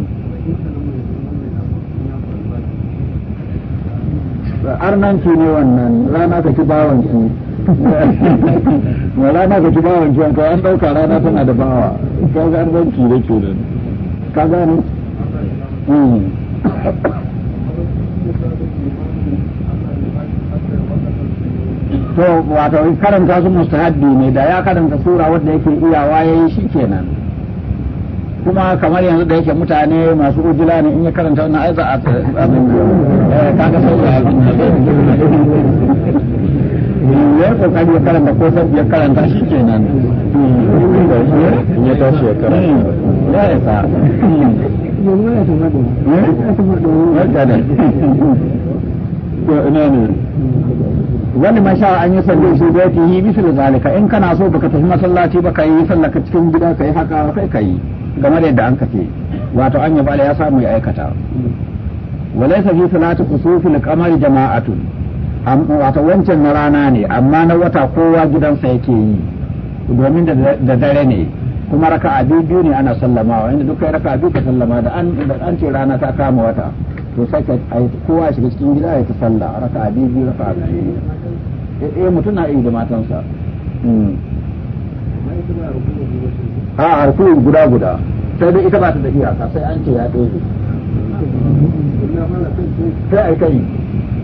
arnanci ne wannan rana ka ki bawanki wala na ka ci bawan ciwon kawai an ɗauka rana tana da bawa ka ga an zan ka gane to wato karanta su mustahabbi ne da ya karanta sura wadda yake iyawa ya yi shi kenan kuma kamar yanzu da yake mutane masu ujula ne in ya karanta wannan aiza a kaga sai ya yi kokari ya karanta ko ya ya tashi ya karanta hmm. ya yi wani masha an yi sallo shi da yake yi zalika in kana so baka tafi masallaci ba ka yi sallaka cikin gida ka yi haka kai ka yi game da yadda an kafe wato an yi bala ya samu ya aikata walaysa fi salati kusufi al kamar jama'atun wata wancan na rana ne amma na wata kowa gidansa yake yi domin da dare ne kuma raka a biyu ne ana sallamawa inda duk kai raka a biyu ka sallama da an ce rana ta kama wata to sai ka kowa shiga cikin gida ya ta sallah raka a biyu raka a biyu eh, eh mutum na iya da matansa hmm. a harku guda guda sai dai ita ba ta da iyaka sai an ce ya ɗaya sai a kai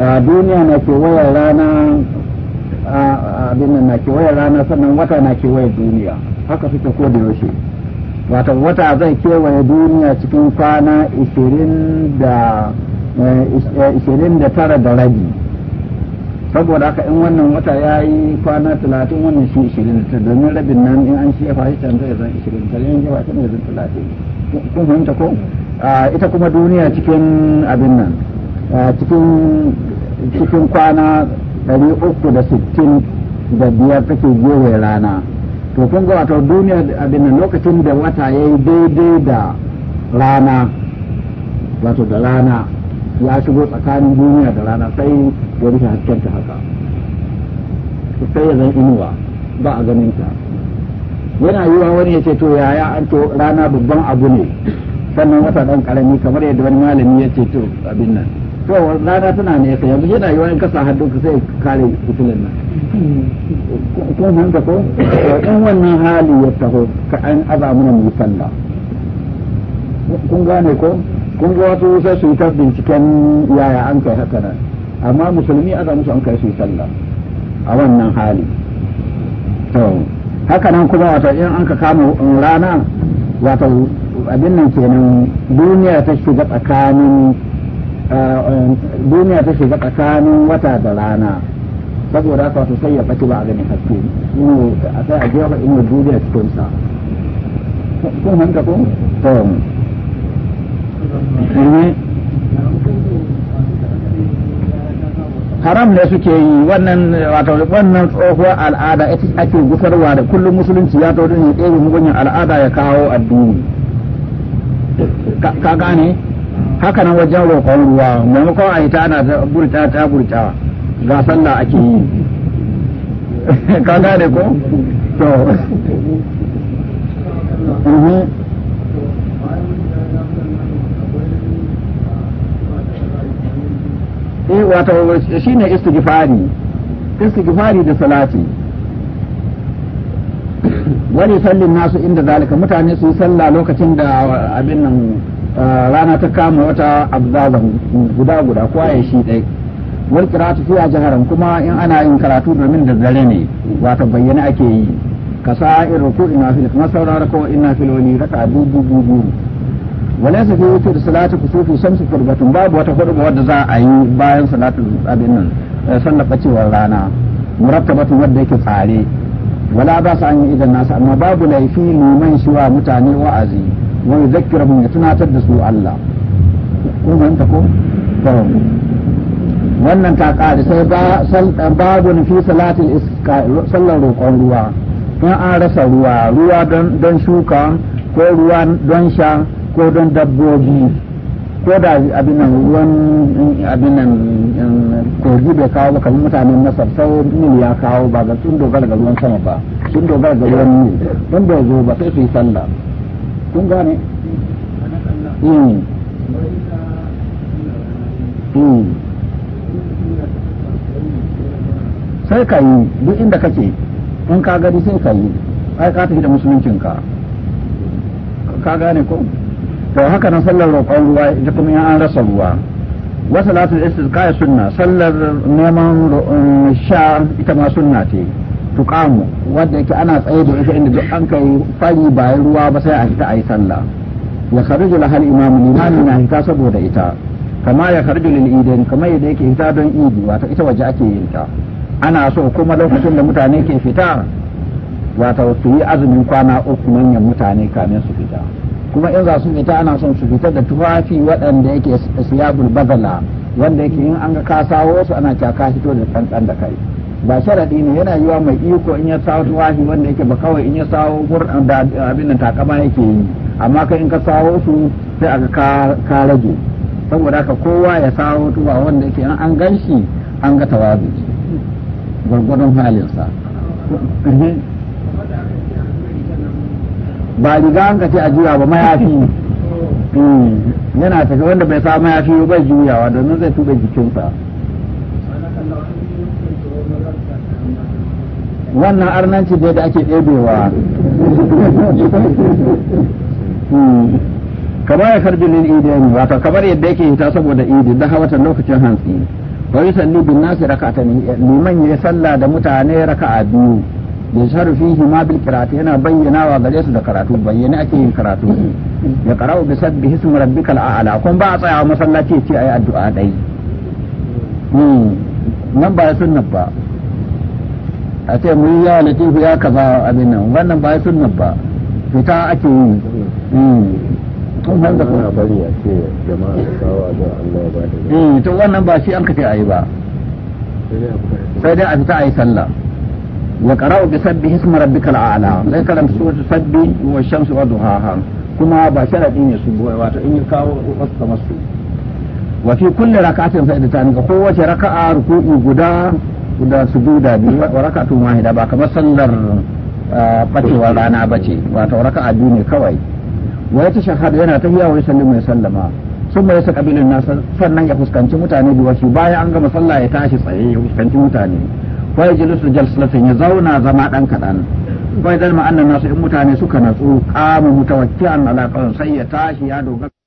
a duniya na kewayen rana abin na kewayen rana sannan wata na kewayen duniya haka suke ko da yaushe wata wata zai kewaye duniya cikin kwana 29 eh, eh, da rabi saboda haka in wannan wata ya yi kwana 30 wannan shi 29 domin rabin nan in an shi ya fashi can zai zan 29 yin jiwa fashi ne zan 30 kun fahimta ko ita kuma duniya cikin abin nan cikin cikin kwana ɗari uku da sittin da biyar take goye rana to kun ga wato duniya abin lokacin da wata ya yi daidai da rana wato da rana ya shigo tsakanin duniya da rana sai ya rufe haskenta haka sai ya zan inuwa ba a ganin ta yana yiwa wani ya ce to yaya an to rana babban abu ne sannan wata ɗan ƙarami kamar yadda wani malami ya ce to abin nan to rana tana nesa yanzu yana yiwa in kasa hadu ka sai kare fitilin nan kun hanta ko in wannan hali ya taho ka an aza mana mu sallah kun gane ko kun ga wasu sai su yi ta binciken yaya an kai haka nan amma musulmi aza musu an kai su yi sallah a wannan hali to haka nan kuma wato in an ka kama rana wato abin nan kenan duniya ta shiga tsakanin duniya ta shiga tsakanin wata da rana saboda haka wato sai ya ba a ganin haske inu a sai a jefa inu duniya cikin sa kun hanta ko to haram ne suke yi wannan wato wannan tsohuwar al'ada ita ake gusarwa da kullum musulunci ya tauri ne ɗaya mugunyar al'ada ya kawo addini ka gane haka nan wajen roƙon ruwa maimakon a yi ta ana burta ta burta ga sallah ake yi ka ne ko to mhm. eh wato shine istighfari istighfari da salati wani sallin nasu inda zalika mutane su salla sallah lokacin da abin nan rana ta kama wata abzazahu guda guda kwaye ya shi ɗai wal qira'atu fiya jaharan kuma in ana yin karatu domin da dare ne wato bayyana ake yi in ruku ina fil kuma ko inna fil wali raka dubu dubu walaysa fi wutri salati kusufi furbatun babu wata hurba wadda za a yi bayan salatul abin nan sallar bacewar rana murakkabatun wadda yake tsare wala ba sa an yi idan nasu amma babu laifi liman shiwa mutane wa'azi wa yuzakkirahum ya tunatar da su Allah ko ban ta ko wannan ta kare sai ba babun fi salatil sallar roƙon ruwa in an rasa ruwa ruwa don shuka ko ruwa don sha ko don dabbobi ko da abin nan ruwan abin nan kogi bai kawo ba kamar mutanen masar sai nil ya kawo ba ga dogara ga ruwan sama ba dogara ga sai su yi kun gane hmm. Hmm. sai ka yi duk inda kake in ka gari sai ka yi ai ka tafi da musuluncinka ka gane ko to haka nan sallar roƙon ruwa ita kuma an rasa ruwa wasu latin kaya sunna sallar neman um, sha ita ma sunna ce tuƙamu wanda yake ana tsaye da ita inda duk an kai fari bayan ruwa ba sai a fita a yi sallah ya kharju la hal imamu limani na hita saboda ita kama ya kharju lil idin kama yadda yake hita don idi wato ita waje ake yin ta ana so kuma lokacin da mutane ke fita wato su yi azumin kwana uku manyan mutane kamin su fita kuma in za su fita ana son su fita da tufafi waɗanda yake siyabul bazala wanda yake yin an ga sawo su ana kyaka hito da kankan da kai ba sharadi ne yana yiwa mai iko in ya sawo tuwahi wanda yake ba kawai in ya sawo da abin da takama yake yi amma kai in ka sawo su sai aka ka rage saboda haka kowa ya sawo tuwa wanda yake an an ganshi an ga tawazu halin sa. ba riga an ka ce a juya ba mayafi hmm. yana tafi wanda bai sa mayafi bai juyawa domin zai jikin jikinsa wannan arnanci dai da ake ɗebewa hmm. kamar ya karbi lil idani wato kamar yadda yake hita saboda idi da hawatan lokacin hantsi wa yusalli bin nasi rak'atan liman ya salla da mutane raka'a biyu ya sharu fihi ma bil qira'ati yana bayyanawa gare su da karatu bayyana ake yin karatu ya qara'u bi sabbi hismi rabbikal a'la kun ba a tsayawa masallaci ce yi addu'a dai hmm. nan ba sunna ba a ce mu yi ya latifu ya kaza abin nan wannan ba sunna ba fita ake yi wanda hmm. kuma bari a ce jama'a da kawo da Allah ba da hmm, to wannan ba shi an kace ayi ba sai dai a fita ayi sallah wa qara'u bi sabbihi ismi rabbikal a'la sai karanta suratul sabbi wa shamsu wa duhaha kuma ba sharadin ya subu wato in ya kawo wasu kamar su wa fi kulli raka'atin fa'idatan ga kowace raka'a ruku'i guda guda su guda biyu wa raka'atu wahida ba kamar sallar bacewar ah, rana bace wato a biyu ne kawai wa ta shahada yana ta hiyawa ya sallama ya sallama sun mai sa kabilin nasa sannan ya fuskanci mutane biyu shi bayan an gama sallah ya tashi tsaye ya fuskanci mutane fa ya jilisu jalsatin ya zauna zama dan kaɗan bai dan zama annan nasu in mutane suka natsu qamu mutawakkilan ala qawl sai ya tashi ya dogara